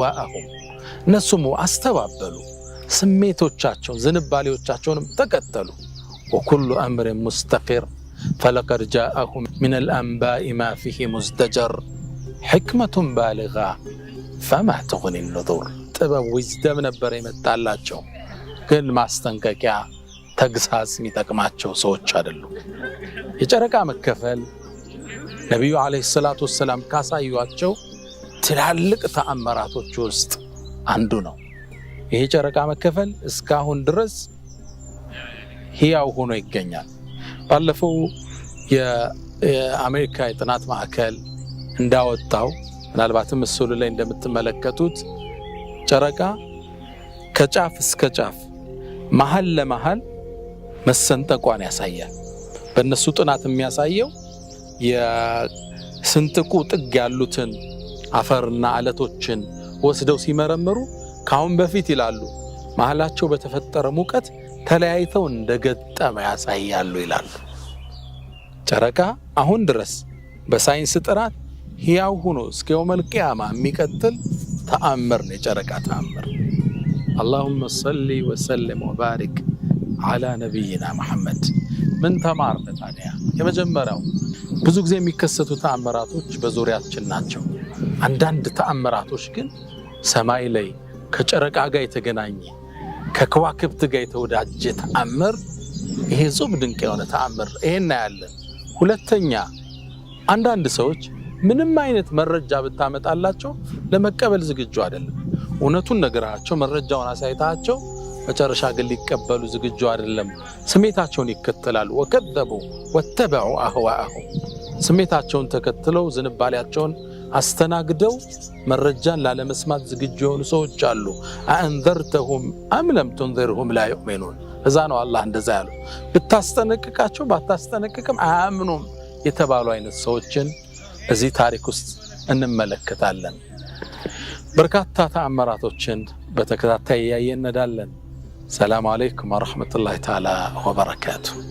ወአሁም እነሱም አስተባበሉ፣ ስሜቶቻቸውን ዝንባሌዎቻቸውንም ተቀጠሉ ወኩሉ አምርን ሙስተቂር ፈለቀድ ጃአሁም ሚነል አንባኢ ማ ፊሂ ሙዝደጀር ሕክመቱን ባልጋ ፈማ ትጉኒ ኑዙር። ጥበብ ዊዝደም ነበር የመጣላቸው፣ ግን ማስጠንቀቂያ ተግሳጽ የሚጠቅማቸው ሰዎች አይደሉ የጨረቃ መከፈል ነቢዩ ዓለይሂ ሰላቱ ወሰላም ካሳዩቸው ትላልቅ ተአምራቶች ውስጥ አንዱ ነው። ይሄ ጨረቃ መከፈል እስካሁን ድረስ ሕያው ሆኖ ይገኛል። ባለፈው የአሜሪካ የጥናት ማዕከል እንዳወጣው ምናልባትም ምስሉ ላይ እንደምትመለከቱት ጨረቃ ከጫፍ እስከ ጫፍ መሀል ለመሀል መሰንጠቋን ያሳያል። በእነሱ ጥናት የሚያሳየው የስንጥቁ ጥግ ያሉትን አፈርና አለቶችን ወስደው ሲመረምሩ ካሁን በፊት ይላሉ መሃላቸው በተፈጠረ ሙቀት ተለያይተው እንደገጠመ ያሳያሉ ይላሉ። ጨረቃ አሁን ድረስ በሳይንስ ጥናት ሕያው ሆኖ እስከ የውመል ቅያማ የሚቀጥል ተአምር ነው። የጨረቃ ተአምር። አላሁመ ሰሊ ወሰልም ወባሪክ አላ ነቢይና መሐመድ። ምን ተማር ታዲያ? የመጀመሪያው ብዙ ጊዜ የሚከሰቱ ተአምራቶች በዙሪያችን ናቸው። አንዳንድ ተአምራቶች ግን ሰማይ ላይ ከጨረቃ ጋር የተገናኘ ከከዋክብት ጋር የተወዳጀ ተአምር፣ ይሄ ጹም ድንቅ የሆነ ተአምር ይሄን እናያለን። ሁለተኛ አንዳንድ ሰዎች ምንም አይነት መረጃ ብታመጣላቸው ለመቀበል ዝግጁ አይደለም። እውነቱን ነገራቸው፣ መረጃውን አሳይታቸው መጨረሻ ግን ሊቀበሉ ዝግጁ አይደለም። ስሜታቸውን ይከተላሉ። ወከዘቡ ወተበዑ አህዋአሁ ስሜታቸውን ተከትለው ዝንባሌያቸውን አስተናግደው መረጃን ላለመስማት ዝግጁ የሆኑ ሰዎች አሉ። አእንዘርተሁም አም ለም ቱንዚርሁም ላ ዩእሚኑን። እዛ ነው አላህ እንደዛ ያሉ ብታስጠነቅቃቸው ባታስጠነቅቅም አያምኑም የተባሉ አይነት ሰዎችን እዚህ ታሪክ ውስጥ እንመለከታለን። በርካታ ተአመራቶችን በተከታታይ እያየ እንዳለን። ሰላሙ አለይኩም ወረሕመቱላሂ ተዓላ ወበረካቱሁ።